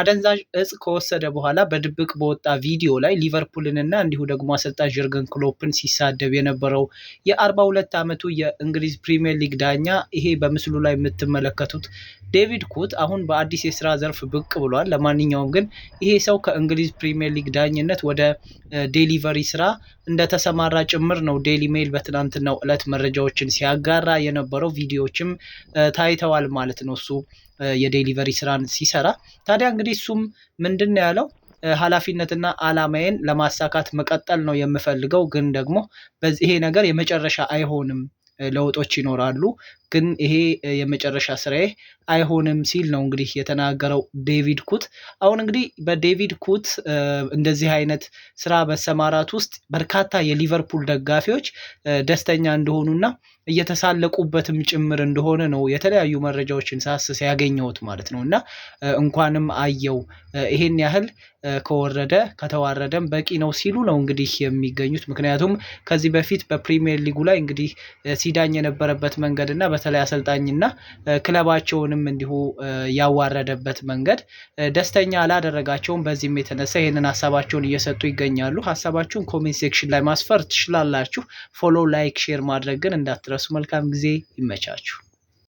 አደንዛዥ እጽ ከወሰደ በኋላ በድብቅ በወጣ ቪዲዮ ላይ ሊቨርፑልንና እንዲሁ ደግሞ አሰልጣኝ ዥርገን ክሎፕን ሲሳደብ የነበረው የ42 ዓመቱ የእንግሊዝ ፕሪምየር ሊግ ዳኛ ይሄ በምስሉ ላይ የምትመለከቱት ዴቪድ ኩት አሁን በአዲስ የስራ ዘርፍ ብቅ ብሏል። ለማንኛውም ግን ይሄ ሰው ከእንግሊዝ ፕሪምየር ሊግ ዳኝነት ወደ ዴሊቨሪ ስራ እንደተሰማራ ጭምር ነው ዴሊ ሜል በትናንትናው ዕለት መረጃዎችን ሲያጋራ የነበረው። ቪዲዮዎችም ታይተዋል ማለት ነው እሱ የዴሊቨሪ ስራን ሲሰራ ታዲያ እንግዲህ እሱም ምንድን ነው ያለው ኃላፊነትና አላማዬን ለማሳካት መቀጠል ነው የምፈልገው፣ ግን ደግሞ ይሄ ነገር የመጨረሻ አይሆንም ለውጦች ይኖራሉ፣ ግን ይሄ የመጨረሻ ስራዬ አይሆንም ሲል ነው እንግዲህ የተናገረው ዴቪድ ኩት። አሁን እንግዲህ በዴቪድ ኩት እንደዚህ አይነት ስራ መሰማራት ውስጥ በርካታ የሊቨርፑል ደጋፊዎች ደስተኛ እንደሆኑና እየተሳለቁበትም ጭምር እንደሆነ ነው የተለያዩ መረጃዎችን ሳስስ ያገኘሁት ማለት ነው። እና እንኳንም አየው ይሄን ያህል ከወረደ ከተዋረደም በቂ ነው ሲሉ ነው እንግዲህ የሚገኙት። ምክንያቱም ከዚህ በፊት በፕሪሚየር ሊጉ ላይ እንግዲህ ሲዳኝ የነበረበት መንገድ እና በተለይ አሰልጣኝና ክለባቸውንም እንዲሁ ያዋረደበት መንገድ ደስተኛ አላደረጋቸውም። በዚህም የተነሳ ይህንን ሀሳባቸውን እየሰጡ ይገኛሉ። ሀሳባችሁን ኮሜንት ሴክሽን ላይ ማስፈር ትችላላችሁ። ፎሎ፣ ላይክ፣ ሼር ማድረግ ግን እንዳትረሱ። መልካም ጊዜ ይመቻችሁ።